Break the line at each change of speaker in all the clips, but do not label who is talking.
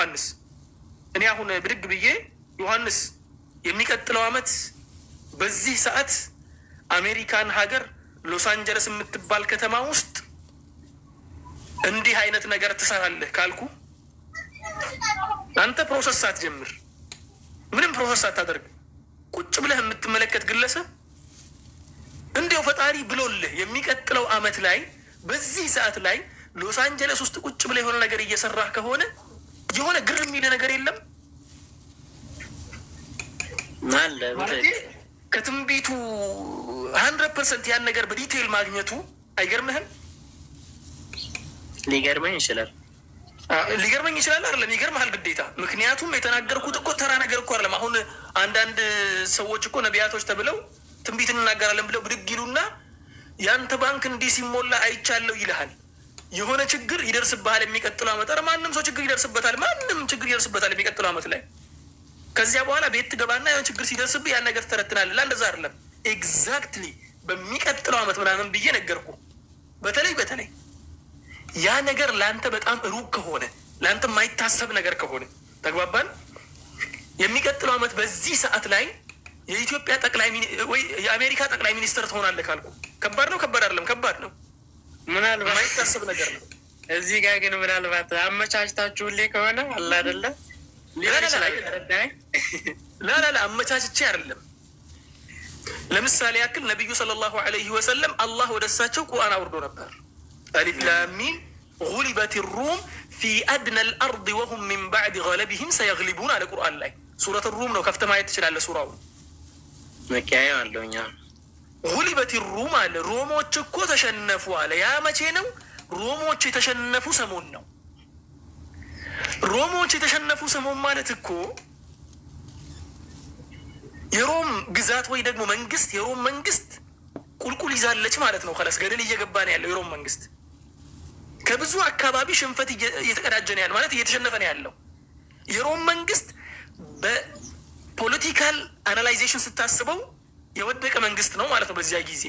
ዮሐንስ እኔ አሁን ብድግ ብዬ ዮሐንስ የሚቀጥለው ዓመት በዚህ ሰዓት አሜሪካን ሀገር ሎስ አንጀለስ የምትባል ከተማ ውስጥ እንዲህ አይነት ነገር ትሰራለህ ካልኩ አንተ ፕሮሰስ ሳትጀምር ምንም ፕሮሰስ ሳታደርግ ቁጭ ብለህ የምትመለከት ግለሰብ እንዲያው ፈጣሪ ብሎልህ የሚቀጥለው ዓመት ላይ በዚህ ሰዓት ላይ ሎስ አንጀለስ ውስጥ ቁጭ ብለህ የሆነ ነገር እየሰራህ ከሆነ የሆነ ግር የሚል ነገር የለም አለ ከትንቢቱ ሀንድረድ ፐርሰንት ያን ነገር በዲቴይል ማግኘቱ አይገርምህም?
ሊገርመኝ ይችላል
ሊገርመኝ ይችላል አይደለም፣ ይገርምሃል ግዴታ። ምክንያቱም የተናገርኩት እኮ ተራ ነገር እኮ አይደለም። አሁን አንዳንድ ሰዎች እኮ ነቢያቶች ተብለው ትንቢት እናገራለን ብለው ብድግ ይሉና የአንተ ባንክ እንዲህ ሲሞላ አይቻለሁ ይልሃል። የሆነ ችግር ይደርስብሃል። የሚቀጥለው ዓመት ኧረ ማንም ሰው ችግር ይደርስበታል። ማንም ችግር ይደርስበታል የሚቀጥለው ዓመት ላይ ከዚያ በኋላ ቤት ትገባና የሆነ ችግር ሲደርስብህ ያን ነገር ትተረትናለህ። እንደዛ አይደለም ኤግዛክትሊ በሚቀጥለው ዓመት ምናምን ብዬ ነገርኩ። በተለይ በተለይ ያ ነገር ለአንተ በጣም ሩቅ ከሆነ ለአንተ የማይታሰብ ነገር ከሆነ ተግባባን። የሚቀጥለው ዓመት በዚህ ሰዓት ላይ የኢትዮጵያ ጠቅላይ ወይ የአሜሪካ ጠቅላይ ሚኒስትር ትሆናለህ ካልኩ ከባድ ነው። ከባድ አይደለም? ከባድ ነው። ምናልባት የማይታሰብ ነገር ነው።
እዚህ ጋር ግን ምናልባት አመቻችታችሁልኝ ከሆነ አለ አይደለ?
ላላላ አመቻችቼ አይደለም። ለምሳሌ ያክል ነቢዩ ሰለላሁ አለይህ ወሰለም አላህ ወደ እሳቸው ቁርአን አውርዶ ነበር። አሊፍ ላም ሚም ጉሊበት ሩም ፊ አድና ልአርድ ወሁም ሚን ባዕድ ገለቢሂም ሰየግሊቡን አለ ቁርአን ላይ ሱረት ሩም ነው። ከፍተ ማየት ትችላለህ። ሱራውን
መኪያየ አለውኛ
ጉሊበት ሩም አለ። ሮሞች እኮ ተሸነፉ አለ። ያ መቼ ነው? ሮሞች የተሸነፉ ሰሞን ነው። ሮሞች የተሸነፉ ሰሞን ማለት እኮ የሮም ግዛት ወይ ደግሞ መንግስት፣ የሮም መንግስት ቁልቁል ይዛለች ማለት ነው። ከለስ ገደል እየገባ ነው ያለው የሮም መንግስት ከብዙ አካባቢ ሽንፈት እየተቀዳጀ ነው ያለ ማለት እየተሸነፈ ነው ያለው የሮም መንግስት። በፖለቲካል አናላይዜሽን ስታስበው የወደቀ መንግስት ነው ማለት ነው በዚያ ጊዜ።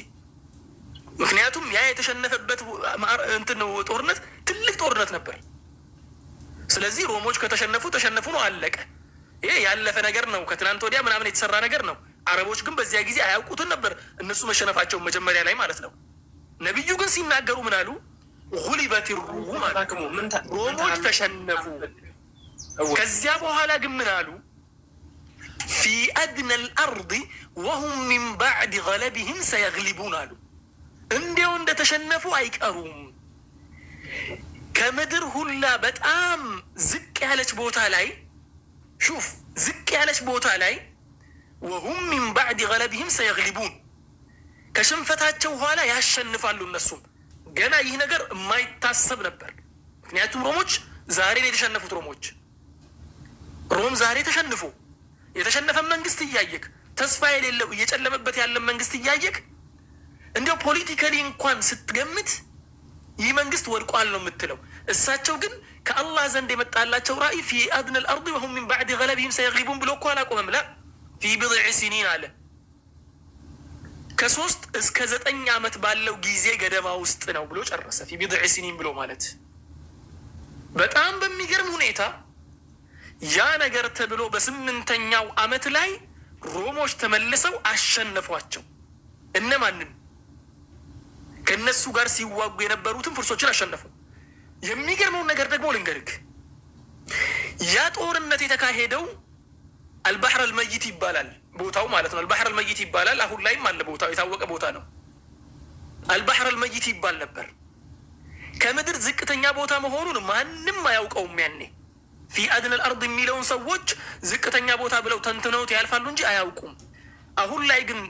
ምክንያቱም ያ የተሸነፈበት እንትን ጦርነት ትልቅ ጦርነት ነበር። ስለዚህ ሮሞች ከተሸነፉ ተሸነፉ ነው፣ አለቀ። ይሄ ያለፈ ነገር ነው፣ ከትናንት ወዲያ ምናምን የተሰራ ነገር ነው። አረቦች ግን በዚያ ጊዜ አያውቁትን ነበር እነሱ መሸነፋቸውን መጀመሪያ ላይ ማለት ነው። ነቢዩ ግን ሲናገሩ ምን አሉ? ጉሊበት ሮሞች ተሸነፉ። ከዚያ በኋላ ግን ምን አሉ? ፊ አድነል አርድ ወሁም ሚን ባዕድ ገለቢህም ሰየግሊቡን አሉ። እንዲው እንደተሸነፉ አይቀሩም። ከምድር ሁላ በጣም ዝቅ ያለች ቦታ ላይ ሹፍ፣ ዝቅ ያለች ቦታ ላይ ወሁም ሚን ባዕድ ገለቢህም ሰየግሊቡን፣ ከሽንፈታቸው በኋላ ያሸንፋሉ። እነሱም ገና ይህ ነገር የማይታሰብ ነበር። ምክንያቱም ሮሞች ዛሬ ነው የተሸነፉት። ሮሞች ሮም ዛሬ ተሸንፎ የተሸነፈን መንግስት እያየክ ተስፋ የሌለው እየጨለመበት ያለን መንግስት እያየክ እንዲያው ፖለቲካሊ እንኳን ስትገምት ይህ መንግስት ወድቋል ነው የምትለው። እሳቸው ግን ከአላህ ዘንድ የመጣላቸው ራእይ ፊ አድነል አርድ ወሁም ሚን ባዕድ ገለቢህም ሰየግሊቡን ብሎ እኮ አላቆመም። ላ ፊ ብድዕ ሲኒን አለ ከሶስት እስከ ዘጠኝ ዓመት ባለው ጊዜ ገደማ ውስጥ ነው ብሎ ጨረሰ። ፊ ብድዕ ሲኒን ብሎ ማለት በጣም በሚገርም ሁኔታ ያ ነገር ተብሎ በስምንተኛው ዓመት ላይ ሮሞች ተመልሰው አሸነፏቸው። እነማንን? ከእነሱ ጋር ሲዋጉ የነበሩትን ፍርሶችን አሸነፉ። የሚገርመውን ነገር ደግሞ ልንገርክ፣ ያ ጦርነት የተካሄደው አልባሕር አልመይት ይባላል ቦታው ማለት ነው። አልባሕር አልመይት ይባላል። አሁን ላይም አለ ቦታው፣ የታወቀ ቦታ ነው። አልባሕር አልመይት ይባል ነበር። ከምድር ዝቅተኛ ቦታ መሆኑን ማንም አያውቀውም ያኔ ፊ አድነል አርድ የሚለውን ሰዎች ዝቅተኛ ቦታ ብለው ተንትነውት ያልፋሉ እንጂ አያውቁም። አሁን ላይ ግን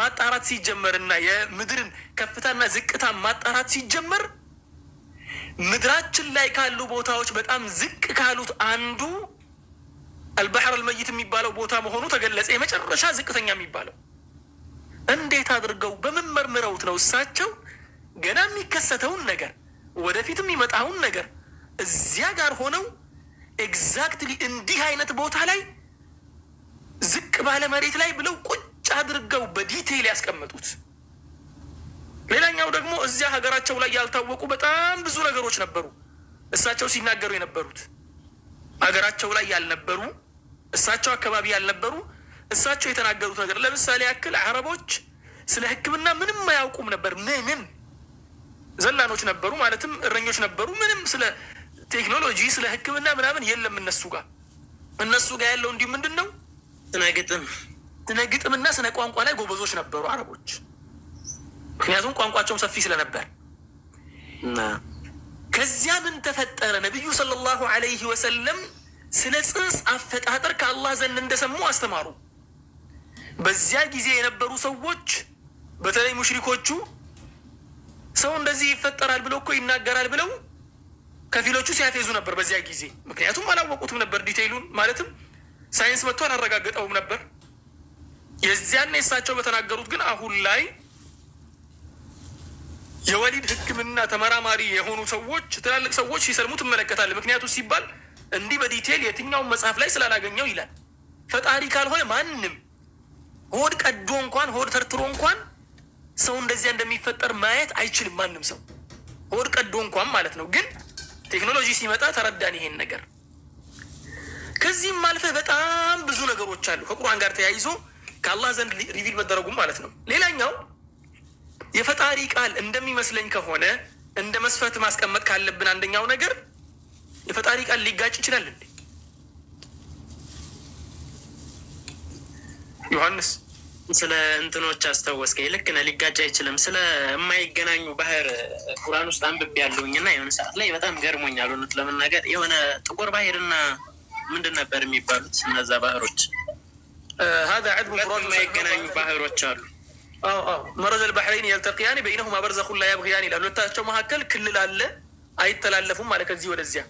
ማጣራት ሲጀመር እና የምድርን ከፍታና ዝቅታ ማጣራት ሲጀመር ምድራችን ላይ ካሉ ቦታዎች በጣም ዝቅ ካሉት አንዱ አልባሕር አልመይት የሚባለው ቦታ መሆኑ ተገለጸ። የመጨረሻ ዝቅተኛ የሚባለው እንዴት አድርገው በምን መርምረውት ነው? እሳቸው ገና የሚከሰተውን ነገር ወደፊት የሚመጣውን ነገር እዚያ ጋር ሆነው ኤግዛክትሊ እንዲህ አይነት ቦታ ላይ ዝቅ ባለ መሬት ላይ ብለው ቁጭ አድርገው በዲቴይል ያስቀመጡት። ሌላኛው ደግሞ እዚያ ሀገራቸው ላይ ያልታወቁ በጣም ብዙ ነገሮች ነበሩ እሳቸው ሲናገሩ የነበሩት ሀገራቸው ላይ ያልነበሩ እሳቸው አካባቢ ያልነበሩ እሳቸው የተናገሩት ነገር ለምሳሌ ያክል አረቦች ስለ ሕክምና ምንም አያውቁም ነበር። ምንም ዘላኖች ነበሩ፣ ማለትም እረኞች ነበሩ። ምንም ስለ ቴክኖሎጂ ስለ ህክምና ምናምን የለም እነሱ ጋር። እነሱ ጋር ያለው እንዲህ ምንድን ነው ስነ ግጥም ስነ ግጥምና ስነ ቋንቋ ላይ ጎበዞች ነበሩ አረቦች፣ ምክንያቱም ቋንቋቸውም ሰፊ ስለነበር። ከዚያ ምን ተፈጠረ? ነቢዩ ሰለላሁ አለይህ ወሰለም ስለ ጽንስ አፈጣጠር ከአላህ ዘንድ እንደሰሙ አስተማሩ። በዚያ ጊዜ የነበሩ ሰዎች በተለይ ሙሽሪኮቹ ሰው እንደዚህ ይፈጠራል ብለው እኮ ይናገራል ብለው ከፊሎቹ ሲያፌዙ ነበር በዚያ ጊዜ። ምክንያቱም አላወቁትም ነበር ዲቴይሉን፣ ማለትም ሳይንስ መጥቶ አላረጋገጠውም ነበር። የዚያን እሳቸው በተናገሩት ግን አሁን ላይ የወሊድ ሕክምና ተመራማሪ የሆኑ ሰዎች ትላልቅ ሰዎች ሲሰልሙ ትመለከታለህ። ምክንያቱ ሲባል እንዲህ በዲቴይል የትኛውን መጽሐፍ ላይ ስላላገኘው ይላል። ፈጣሪ ካልሆነ ማንም ሆድ ቀዶ እንኳን ሆድ ተርትሮ እንኳን ሰው እንደዚያ እንደሚፈጠር ማየት አይችልም። ማንም ሰው ሆድ ቀዶ እንኳን ማለት ነው ግን ቴክኖሎጂ ሲመጣ ተረዳን ይሄን ነገር። ከዚህም አልፈ በጣም ብዙ ነገሮች አሉ ከቁርአን ጋር ተያይዞ ከአላህ ዘንድ ሪቪል መደረጉም ማለት ነው። ሌላኛው የፈጣሪ ቃል እንደሚመስለኝ ከሆነ እንደ መስፈት ማስቀመጥ ካለብን አንደኛው ነገር የፈጣሪ ቃል ሊጋጭ ይችላል እንዴ
ዮሐንስ ስለ እንትኖች አስታወስከኝ። ልክ ነህ፣ ሊጋጭ አይችልም። ስለ የማይገናኙ ባህር ቁራን ውስጥ አንብቤ ያለውኝ እና የሆነ ሰዓት ላይ በጣም ገርሞኛል። እውነት ለመናገር የሆነ ጥቁር ባህር እና ምንድን ነበር የሚባሉት እነዛ ባህሮች?
የማይገናኙ ባህሮች አሉ። መረጀል ባህረይን የልተቅያኒ በይነሁማ በርዘኹን ላ ያብግያን ይላል። ሁለታቸው መካከል ክልል አለ፣ አይተላለፉም ማለት ከዚህ ወደዚያ።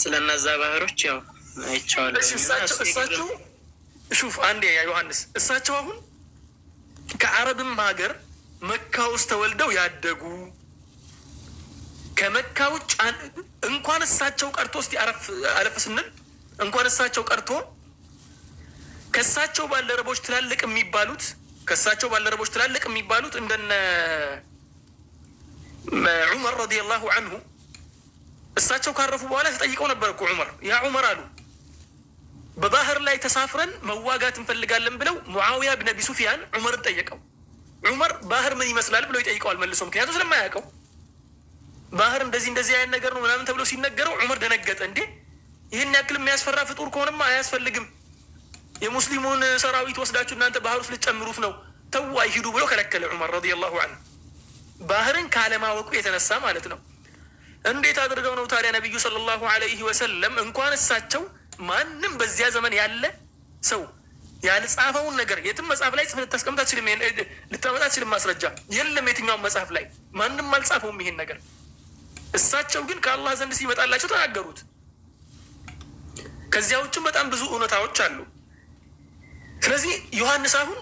ስለ እነዛ ባህሮች ያው
አይቼዋለሁ እሳቸው ሹፍ አንዴ ያ ዮሐንስ እሳቸው አሁን ከአረብም ሀገር መካ ውስጥ ተወልደው ያደጉ ከመካ ውጭ እንኳን እሳቸው ቀርቶ እስቲ አለፍ ስንል እንኳን እሳቸው ቀርቶ ከእሳቸው ባልደረቦች ትላልቅ የሚባሉት ከእሳቸው ባልደረቦች ትላልቅ የሚባሉት እንደነ ዑመር ረዲየላሁ አንሁ እሳቸው ካረፉ በኋላ ተጠይቀው ነበር እኮ ዑመር ያ ዑመር አሉ በባህር ላይ ተሳፍረን መዋጋት እንፈልጋለን ብለው ሙዓዊያ ብን አቢ ሱፊያን ዑመርን ጠየቀው። ዑመር ባህር ምን ይመስላል ብሎ ይጠይቀዋል መልሶ፣ ምክንያቱ ስለማያውቀው ባህር እንደዚህ እንደዚህ አይነት ነገር ነው ምናምን ተብሎ ሲነገረው ዑመር ደነገጠ። እንዴ ይህን ያክል የሚያስፈራ ፍጡር ከሆነማ አያስፈልግም፣ የሙስሊሙን ሰራዊት ወስዳችሁ እናንተ ባህር ውስጥ ልትጨምሩት ነው፣ ተው አይሂዱ ብሎ ከለከለ ዑመር ረዲየላሁ አንሁ። ባህርን ካለማወቁ የተነሳ ማለት ነው። እንዴት አድርገው ነው ታዲያ ነቢዩ ሰለላሁ አለይህ ወሰለም እንኳን እሳቸው ማንም በዚያ ዘመን ያለ ሰው ያልጻፈውን ነገር የትም መጽሐፍ ላይ ጽፍ ልታስቀምጥ አትችልም፣ ልታመጣ አትችልም። ማስረጃ የለም የትኛውን መጽሐፍ ላይ ማንም አልጻፈውም ይሄን ነገር። እሳቸው ግን ከአላህ ዘንድ ሲመጣላቸው ተናገሩት። ከዚያ ውጭም በጣም ብዙ እውነታዎች አሉ። ስለዚህ ዮሐንስ አሁን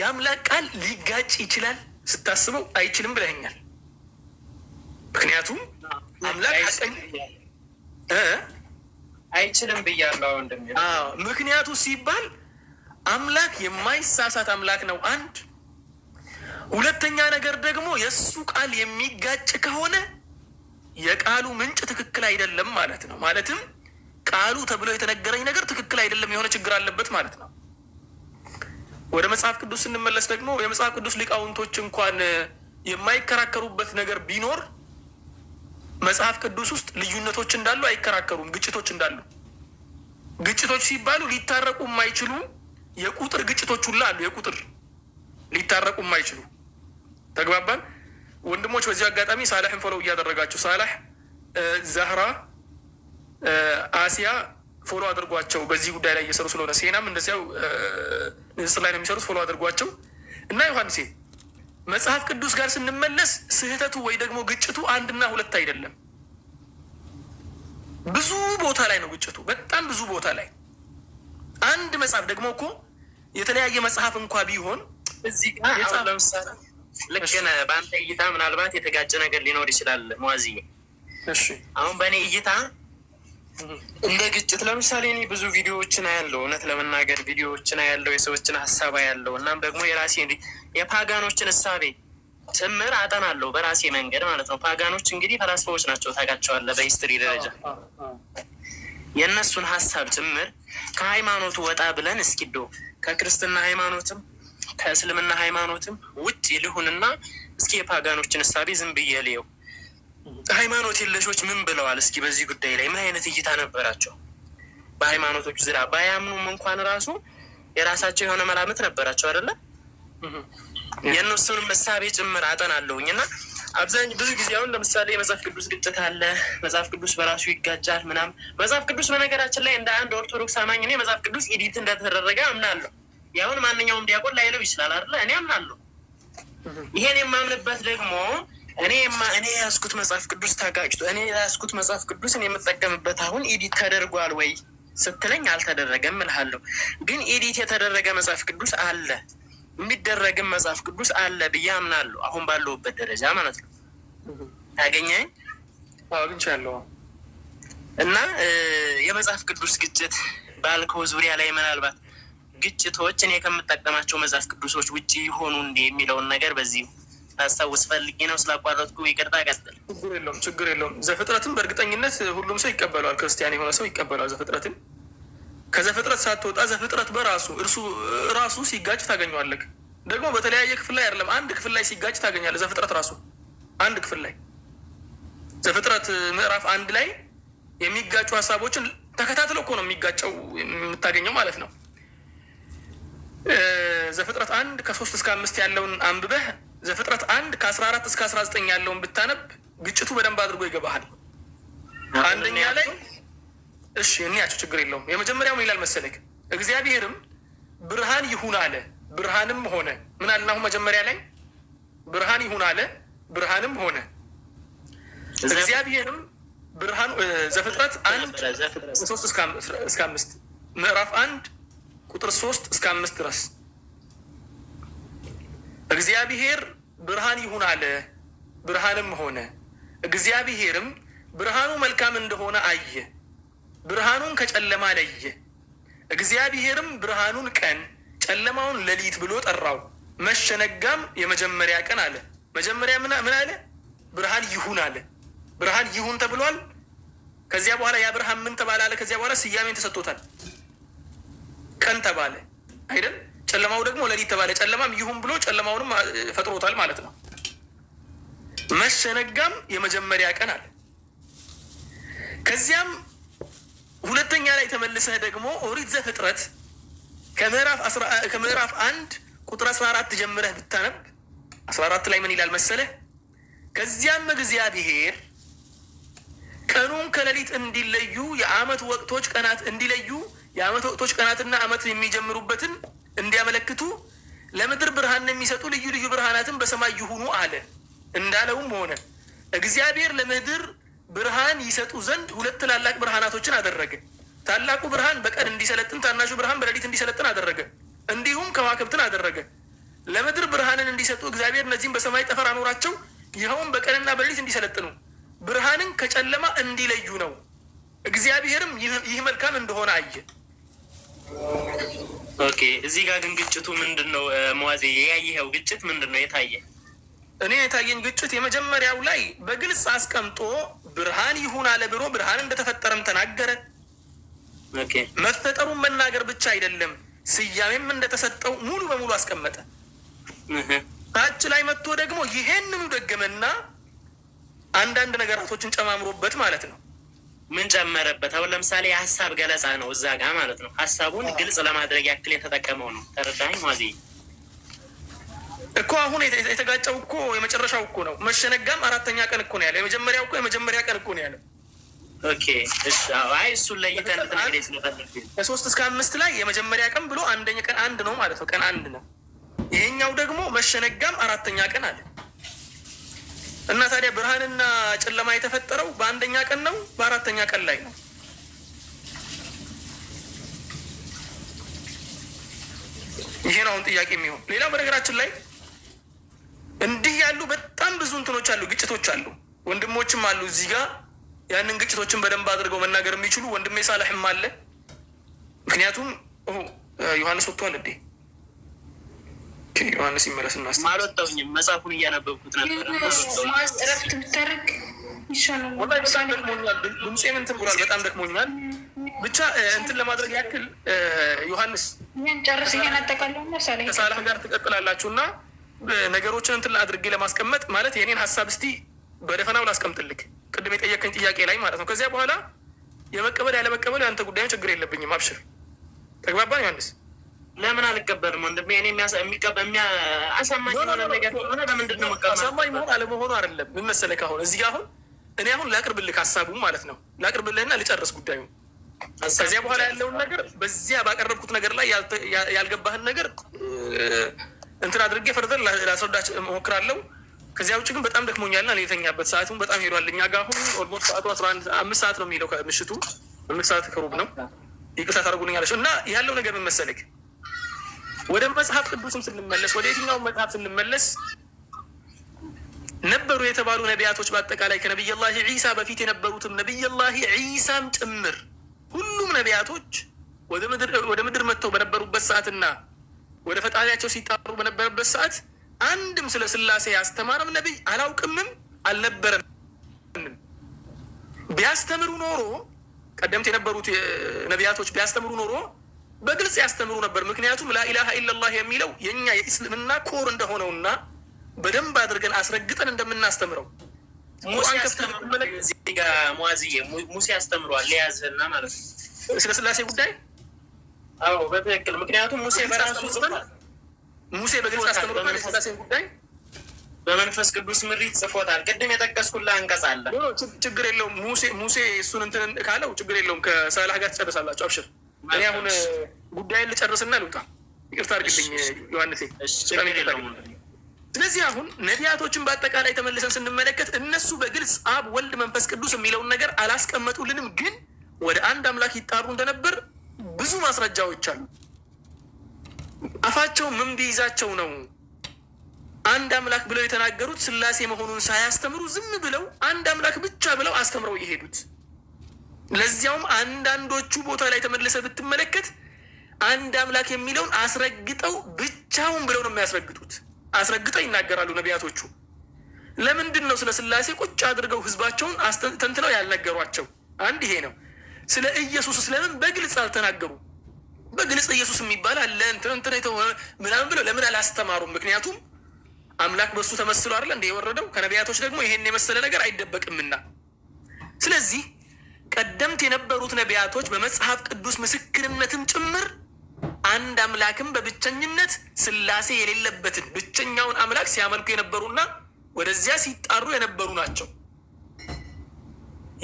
የአምላክ ቃል ሊጋጭ ይችላል ስታስበው አይችልም ብለኛል ምክንያቱም
አምላክ አይችልም ብያለሁ። ወንድም
ምክንያቱ ሲባል አምላክ የማይሳሳት አምላክ ነው። አንድ ሁለተኛ ነገር ደግሞ የእሱ ቃል የሚጋጭ ከሆነ የቃሉ ምንጭ ትክክል አይደለም ማለት ነው። ማለትም ቃሉ ተብሎ የተነገረኝ ነገር ትክክል አይደለም፣ የሆነ ችግር አለበት ማለት ነው። ወደ መጽሐፍ ቅዱስ ስንመለስ ደግሞ የመጽሐፍ ቅዱስ ሊቃውንቶች እንኳን የማይከራከሩበት ነገር ቢኖር መጽሐፍ ቅዱስ ውስጥ ልዩነቶች እንዳሉ አይከራከሩም። ግጭቶች እንዳሉ ግጭቶች ሲባሉ ሊታረቁ የማይችሉ የቁጥር ግጭቶች ሁላ አሉ። የቁጥር ሊታረቁ የማይችሉ ተግባባን ወንድሞች። በዚህ አጋጣሚ ሳላሕን ፎሎ እያደረጋቸው ሳላሕ፣ ዛህራ፣ አሲያ ፎሎ አድርጓቸው በዚህ ጉዳይ ላይ እየሰሩ ስለሆነ ሴናም እንደዚያው ንጽጽር ላይ ነው የሚሰሩት። ፎሎ አድርጓቸው እና ዮሐንሴ መጽሐፍ ቅዱስ ጋር ስንመለስ ስህተቱ ወይ ደግሞ ግጭቱ አንድና ሁለት አይደለም። ብዙ ቦታ ላይ ነው ግጭቱ፣ በጣም ብዙ ቦታ ላይ አንድ መጽሐፍ ደግሞ እኮ የተለያየ መጽሐፍ እንኳ ቢሆን
እዚህ ጋር ለምሳሌ ልክ ነህ። በአንተ እይታ ምናልባት የተጋጨ ነገር ሊኖር ይችላል። ሟዚ አሁን በእኔ እይታ እንደ ግጭት ለምሳሌ እኔ ብዙ ቪዲዮዎችን አያለው፣ እውነት ለመናገር ቪዲዮዎችን አያለው፣ የሰዎችን ሀሳብ አያለው። እናም ደግሞ የራሴ የፓጋኖችን እሳቤ ጭምር አጠናለሁ በራሴ መንገድ ማለት ነው። ፓጋኖች እንግዲህ ፈላስፎዎች ናቸው ታውቃቸዋለህ፣ በሂስትሪ ደረጃ የእነሱን ሀሳብ ጭምር ከሃይማኖቱ ወጣ ብለን እስኪዶ ከክርስትና ሃይማኖትም ከእስልምና ሃይማኖትም ውጭ ልሁንና እስኪ የፓጋኖችን እሳቤ ዝም ብዬ ልየው ሃይማኖት የለሾች ምን ብለዋል? እስኪ በዚህ ጉዳይ ላይ ምን አይነት እይታ ነበራቸው? በሃይማኖቶች ዝራ ባያምኑም እንኳን ራሱ የራሳቸው የሆነ መላምት ነበራቸው አይደለ? የእነሱንም መሳቤ ጭምር አጠናለሁኝ እና አብዛኛው ብዙ ጊዜ አሁን ለምሳሌ የመጽሐፍ ቅዱስ ግጭት አለ። መጽሐፍ ቅዱስ በራሱ ይጋጫል ምናምን። መጽሐፍ ቅዱስ በነገራችን ላይ እንደ አንድ ኦርቶዶክስ አማኝ እኔ መጽሐፍ ቅዱስ ኢዲት እንደተደረገ አምናለሁ። ያሁን ማንኛውም ዲያቆን ላይለው ይችላል አይደለ? እኔ አምናለሁ። ይሄን የማምንበት ደግሞ እኔ እኔ የያዝኩት መጽሐፍ ቅዱስ ተጋጭቶ እኔ የያዝኩት መጽሐፍ ቅዱስን የምጠቀምበት አሁን ኢዲት ተደርጓል ወይ ስትለኝ አልተደረገም እልሃለሁ። ግን ኢዲት የተደረገ መጽሐፍ ቅዱስ አለ፣ የሚደረግም መጽሐፍ ቅዱስ አለ ብዬ አምናለሁ። አሁን ባለሁበት ደረጃ ማለት ነው። ታገኘኝ አግኝቻለሁ። እና የመጽሐፍ ቅዱስ ግጭት ባልከው ዙሪያ ላይ ምናልባት ግጭቶች እኔ ከምጠቀማቸው መጽሐፍ ቅዱሶች ውጭ ይሆኑ እንዲ የሚለውን ነገር በዚህ ላስታውስ ፈልጌ ነው። ስላቋረጥኩ ይቅርታ። ቀጥል።
ችግር የለውም ችግር የለውም። ዘፍጥረትን በእርግጠኝነት ሁሉም ሰው ይቀበለዋል። ክርስቲያን የሆነ ሰው ይቀበለዋል ዘፍጥረትን። ከዘፍጥረት ሳትወጣ ዘፍጥረት በራሱ እርሱ ራሱ ሲጋጭ ታገኘዋለህ። ደግሞ በተለያየ ክፍል ላይ አይደለም፣ አንድ ክፍል ላይ ሲጋጭ ታገኛለህ። ዘፍጥረት ራሱ አንድ ክፍል ላይ ዘፍጥረት ምዕራፍ አንድ ላይ የሚጋጩ ሀሳቦችን ተከታትለው እኮ ነው የሚጋጨው የምታገኘው ማለት ነው። ዘፍጥረት አንድ ከሶስት እስከ አምስት ያለውን አንብበህ ዘፍጥረት አንድ ከአስራ አራት እስከ አስራ ዘጠኝ ያለውን ብታነብ ግጭቱ በደንብ አድርጎ ይገባሃል። አንደኛ ላይ እሺ እንያቸው ችግር የለውም። የመጀመሪያው ምን ይላል መሰለክ? እግዚአብሔርም ብርሃን ይሁን አለ፣ ብርሃንም ሆነ። ምን አልናሁ መጀመሪያ ላይ? ብርሃን ይሁን አለ፣ ብርሃንም ሆነ። እግዚአብሔርም ብርሃን ዘፍጥረት አንድ ሶስት እስከ አምስት ምዕራፍ አንድ ቁጥር ሶስት እስከ አምስት ድረስ እግዚአብሔር ብርሃን ይሁን አለ፣ ብርሃንም ሆነ። እግዚአብሔርም ብርሃኑ መልካም እንደሆነ አየ፣ ብርሃኑን ከጨለማ ለየ። እግዚአብሔርም ብርሃኑን ቀን ጨለማውን ሌሊት ብሎ ጠራው። መሸነጋም የመጀመሪያ ቀን አለ። መጀመሪያ ምን አለ? ብርሃን ይሁን አለ። ብርሃን ይሁን ተብሏል። ከዚያ በኋላ ያ ብርሃን ምን ተባለ አለ። ከዚያ በኋላ ስያሜን ተሰጥቶታል። ቀን ተባለ አይደል? ጨለማው ደግሞ ሌሊት ተባለ። ጨለማም ይሁን ብሎ ጨለማውንም ፈጥሮታል ማለት ነው። መሸነጋም የመጀመሪያ ቀን አለ። ከዚያም ሁለተኛ ላይ ተመልሰህ ደግሞ ኦሪት ዘፍጥረት ከምዕራፍ አንድ ቁጥር አስራ አራት ጀምረህ ብታነብ አስራ አራት ላይ ምን ይላል መሰለህ? ከዚያም እግዚአብሔር ቀኑን ከሌሊት እንዲለዩ የአመት ወቅቶች ቀናት እንዲለዩ የአመት ወቅቶች ቀናትና አመት የሚጀምሩበትን እንዲያመለክቱ ለምድር ብርሃን የሚሰጡ ልዩ ልዩ ብርሃናትን በሰማይ ይሁኑ አለ። እንዳለውም ሆነ። እግዚአብሔር ለምድር ብርሃን ይሰጡ ዘንድ ሁለት ትላላቅ ብርሃናቶችን አደረገ። ታላቁ ብርሃን በቀን እንዲሰለጥን፣ ታናሹ ብርሃን በሌሊት እንዲሰለጥን አደረገ። እንዲሁም ከዋክብትን አደረገ። ለምድር ብርሃንን እንዲሰጡ እግዚአብሔር እነዚህም በሰማይ ጠፈር አኖራቸው። ይኸውም በቀንና በሌሊት እንዲሰለጥኑ ብርሃንን ከጨለማ እንዲለዩ ነው። እግዚአብሔርም ይህ መልካም እንደሆነ አየ።
ኦኬ እዚህ ጋር ግን ግጭቱ ምንድን ነው? መዋዜ የያየኸው ግጭት ምንድን ነው የታየ?
እኔ የታየኝ ግጭት የመጀመሪያው ላይ በግልጽ አስቀምጦ ብርሃን ይሁን አለ ብሎ ብርሃን እንደተፈጠረም ተናገረ። መፈጠሩን መናገር ብቻ አይደለም ስያሜም እንደተሰጠው ሙሉ በሙሉ አስቀመጠ። ታች ላይ መጥቶ ደግሞ ይሄንኑ ደገመና አንዳንድ ነገራቶችን ጨማምሮበት ማለት ነው
ምን ጨመረበት? አሁን ለምሳሌ የሀሳብ ገለጻ ነው እዛ ጋር ማለት ነው። ሀሳቡን ግልጽ ለማድረግ ያክል የተጠቀመው ነው። ተረዳኝ ማዚ እኮ አሁን የተጋጨው እኮ የመጨረሻው እኮ ነው። መሸነጋም አራተኛ ቀን እኮ ነው ያለው። የመጀመሪያው እኮ የመጀመሪያ ቀን እኮ ነው ያለው። አይ እሱን ለይተን ከሶስት እስከ አምስት ላይ የመጀመሪያ ቀን ብሎ አንደኛ ቀን አንድ ነው ማለት ነው። ቀን አንድ ነው። ይሄኛው ደግሞ መሸነጋም አራተኛ ቀን አለ። እና ታዲያ ብርሃንና ጨለማ የተፈጠረው በአንደኛ ቀን ነው፣ በአራተኛ ቀን ላይ ነው። ነው አሁን ጥያቄ የሚሆን ሌላ በነገራችን ላይ እንዲህ ያሉ በጣም ብዙ እንትኖች አሉ፣ ግጭቶች አሉ፣ ወንድሞችም አሉ። እዚህ ጋር ያንን ግጭቶችን በደንብ አድርገው መናገር የሚችሉ ወንድሜ ሳላህም አለ። ምክንያቱም ዮሐንስ ወጥቷል እንዴ ዮሐንስ ይመለስና አልወጣሁኝም። መጽሐፉን እያነበብኩት ነበር። እረፍት ብታደርግ ይሻላል። በጣም ደክሞኛል፣ ድምፄም እንትን ብሏል። በጣም ደክሞኛል። ብቻ እንትን ለማድረግ ያክል ዮሐንስ ጨርስ ከሳላህ ጋር ትቀጥላላችሁ እና ነገሮችን እንትን አድርጌ ለማስቀመጥ ማለት የኔን ሀሳብ እስቲ በደፈናው ላስቀምጥልክ ቅድም የጠየቀኝ ጥያቄ ላይ ማለት ነው። ከዚያ በኋላ የመቀበል ያለመቀበል ያንተ ጉዳዩ ችግር የለብኝም። አብሽር። ተግባባን ዮሐንስ ለምን አልቀበልም ወንድሜ? እኔ አሳማኝ የሆነ ነገር ሆነ ለምንድን ነው አሳማኝ መሆን አለመሆኑ አይደለም። ምን መሰለህ አሁን እዚህ አሁን እኔ አሁን ላቅርብልህ ሀሳቡ ማለት ነው ላቅርብልህና ልጨርስ ጉዳዩ ከዚያ በኋላ ያለውን ነገር በዚያ ባቀረብኩት ነገር ላይ ያልገባህን ነገር እንትን አድርጌ ፈርዘር ላስረዳች እሞክራለሁ። ከዚያ ውጭ ግን በጣም ደክሞኛልና የተኛበት ሰዓቱም በጣም ሄዷል። እኛ ጋር አሁን ኦልሞስት ሰዓቱ አስራ አንድ አምስት ሰዓት ነው የሚለው ከምሽቱ አምስት ሰዓት ከሩብ ነው። ይቅርታ ታደርጉልኛለች እና ያለው ነገር ምን መሰለህ ወደ መጽሐፍ ቅዱስም ስንመለስ ወደ የትኛውም መጽሐፍ ስንመለስ ነበሩ የተባሉ ነቢያቶች በአጠቃላይ ከነቢይላህ ዒሳ በፊት የነበሩትም ነቢይላህ ዒሳም ጭምር ሁሉም ነቢያቶች ወደ ምድር መጥተው በነበሩበት ሰዓትና ወደ ፈጣሪያቸው ሲጣሩ በነበረበት ሰዓት አንድም ስለ ስላሴ ያስተማረም ነቢይ አላውቅምም አልነበረም። ቢያስተምሩ ኖሮ ቀደምት የነበሩት ነቢያቶች ቢያስተምሩ ኖሮ በግልጽ ያስተምሩ ነበር። ምክንያቱም ላኢላሃ ኢለላህ የሚለው የእኛ የእስልምና ኮር እንደሆነውና በደንብ አድርገን አስረግጠን እንደምናስተምረው ሙሴ አስተምሯል። ያዝህና ማለት ነው ስለ ስላሴ ጉዳይ አዎ፣ በትክክል ምክንያቱም ሙሴ በራሱ ሙሴ በግልጽ አስተምሮ ስላሴን ጉዳይ በመንፈስ ቅዱስ ምሪት ጽፎታል። ቅድም የጠቀስኩላ አንቀጽ አለ። ችግር የለውም ሙሴ ሙሴ እሱን እንትን ካለው ችግር የለውም። ከሰላህ ጋር ትጨርሳላችሁ። አብሽር እኔ አሁን ጉዳይን ልጨርስና ልውጣ። ይቅርታ አድርግልኝ ዮሐንሴ። ስለዚህ አሁን ነቢያቶችን በአጠቃላይ ተመልሰን ስንመለከት እነሱ በግልጽ አብ፣ ወልድ፣ መንፈስ ቅዱስ የሚለውን ነገር አላስቀመጡልንም፣ ግን ወደ አንድ አምላክ ይጣሩ እንደነበር ብዙ ማስረጃዎች አሉ። አፋቸው ምን ቢይዛቸው ነው አንድ አምላክ ብለው የተናገሩት? ስላሴ መሆኑን ሳያስተምሩ ዝም ብለው አንድ አምላክ ብቻ ብለው አስተምረው የሄዱት ለዚያውም አንዳንዶቹ ቦታ ላይ ተመልሰ ብትመለከት አንድ አምላክ የሚለውን አስረግጠው ብቻውን ብለው ነው የሚያስረግጡት። አስረግጠው ይናገራሉ ነቢያቶቹ። ለምንድን ነው ስለ ስላሴ ቁጭ አድርገው ህዝባቸውን ተንትነው ያልነገሯቸው? አንድ ይሄ ነው። ስለ ኢየሱስ ስለምን በግልጽ አልተናገሩ? በግልጽ ኢየሱስ የሚባል አለ እንትን እንትን ምናምን ብለው ለምን አላስተማሩም? ምክንያቱም አምላክ በሱ ተመስሎ አይደለ እንደ የወረደው ከነቢያቶች ደግሞ ይሄን የመሰለ ነገር አይደበቅምና ስለዚህ ቀደምት የነበሩት ነቢያቶች በመጽሐፍ ቅዱስ ምስክርነትም ጭምር አንድ አምላክም በብቸኝነት ስላሴ የሌለበትን ብቸኛውን አምላክ ሲያመልኩ የነበሩና ወደዚያ ሲጣሩ የነበሩ ናቸው።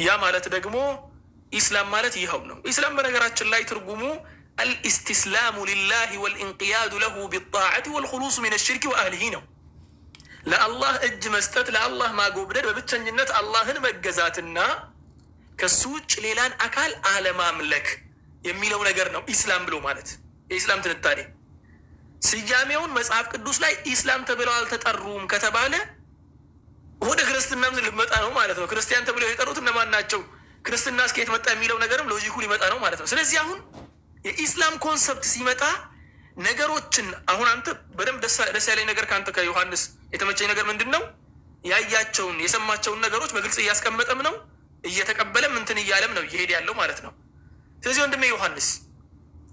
ያ ማለት ደግሞ ኢስላም ማለት ይኸው ነው። ኢስላም በነገራችን ላይ ትርጉሙ አልኢስቲስላሙ ሊላሂ ወልኢንቅያዱ ለሁ ቢጣዓቲ ወልኹሉሱ ሚነ ሽርኪ ወአህሊሂ ነው። ለአላህ እጅ መስጠት፣ ለአላህ ማጎብደድ፣ በብቸኝነት አላህን መገዛትና ከሱ ውጭ ሌላን አካል አለማምለክ የሚለው ነገር ነው ኢስላም ብሎ ማለት። የኢስላም ትንታኔ ስያሜውን መጽሐፍ ቅዱስ ላይ ኢስላም ተብለው አልተጠሩም ከተባለ ወደ ክርስትና ልመጣ ነው ማለት ነው። ክርስቲያን ተብለው የጠሩት እነማን ናቸው? ክርስትና እስከ የት መጣ የሚለው ነገርም ሎጂኩ ሊመጣ ነው ማለት ነው። ስለዚህ አሁን የኢስላም ኮንሰፕት ሲመጣ ነገሮችን አሁን አንተ በደንብ ደስ ያለኝ ነገር ከአንተ ከዮሐንስ የተመቸኝ ነገር ምንድን ነው? ያያቸውን የሰማቸውን ነገሮች በግልጽ እያስቀመጠም ነው እየተቀበለም እንትን እያለም ነው እየሄድ ያለው ማለት ነው። ስለዚህ ወንድሜ ዮሐንስ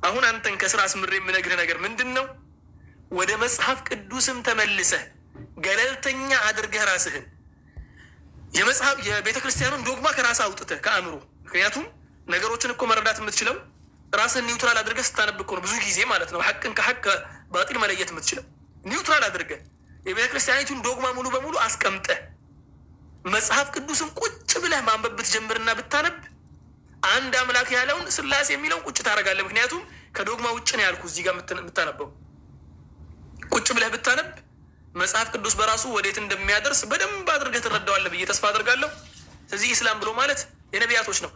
አሁን አንተን ከስራ አስምሬ የምነግርህ ነገር ምንድን ነው? ወደ መጽሐፍ ቅዱስም ተመልሰህ ገለልተኛ አድርገህ ራስህን የመጽሐፍ የቤተ ክርስቲያኑን ዶግማ ከራስህ አውጥተህ ከአእምሮ ምክንያቱም ነገሮችን እኮ መረዳት የምትችለው ራስህን ኒውትራል አድርገህ ስታነብ እኮ ነው ብዙ ጊዜ ማለት ነው። ሐቅን ከሐቅ ባጢል መለየት የምትችለው ኒውትራል አድርገህ የቤተ ክርስቲያኒቱን ዶግማ ሙሉ በሙሉ አስቀምጠህ መጽሐፍ ቅዱስን ቁጭ ብለህ ማንበብ ብትጀምርና ብታነብ አንድ አምላክ ያለውን ስላሴ የሚለውን ቁጭ ታደርጋለህ። ምክንያቱም ከዶግማ ውጭ ነው ያልኩ። እዚህ ጋር የምታነበው ቁጭ ብለህ ብታነብ መጽሐፍ ቅዱስ በራሱ ወዴት እንደሚያደርስ በደንብ አድርገህ ትረዳዋለህ ብዬ ተስፋ አድርጋለሁ። ስለዚህ ኢስላም ብሎ ማለት የነቢያቶች ነው።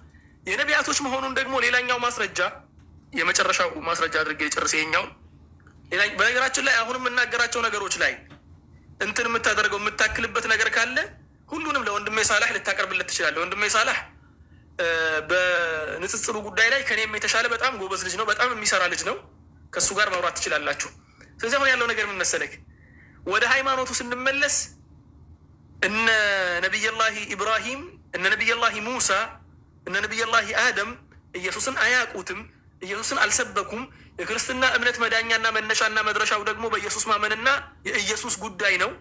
የነቢያቶች መሆኑን ደግሞ ሌላኛው ማስረጃ የመጨረሻው ማስረጃ አድርጌ ጨርስ ይሄኛውን በነገራችን ላይ አሁን የምናገራቸው ነገሮች ላይ እንትን የምታደርገው የምታክልበት ነገር ካለ ሁሉንም ለወንድሜ ሳላህ ልታቀርብለት ትችላለህ። ወንድሜ ሳላህ በንጽጽሩ ጉዳይ ላይ ከኔም የተሻለ በጣም ጎበዝ ልጅ ነው። በጣም የሚሰራ ልጅ ነው። ከእሱ ጋር ማውራት ትችላላችሁ። ስለዚህ አሁን ያለው ነገር ምን መሰለህ፣ ወደ ሃይማኖቱ ስንመለስ እነ ነቢየላሂ ኢብራሂም፣ እነ ነቢየላሂ ሙሳ፣ እነ ነቢየላሂ አደም ኢየሱስን አያውቁትም። ኢየሱስን አልሰበኩም። የክርስትና እምነት መዳኛና መነሻና መድረሻው ደግሞ በኢየሱስ ማመንና የኢየሱስ ጉዳይ ነው።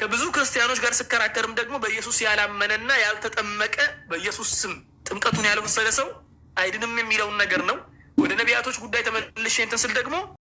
ከብዙ ክርስቲያኖች ጋር ስከራከርም ደግሞ በኢየሱስ ያላመነና ያልተጠመቀ በኢየሱስ ስም ጥምቀቱን ያልወሰደ ሰው አይድንም የሚለውን ነገር ነው። ወደ ነቢያቶች ጉዳይ ተመልሼ እንትን ስል ደግሞ